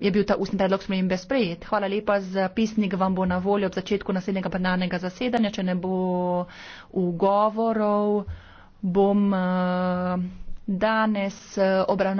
je bil ta ustni predlog sprejem brez sprejet. Hvala lepa, zapisnik vam bo na voljo ob začetku naslednjega plenarnega zasedanja. Če ne bo ugovorov, bom eh, danes eh, obravnaval.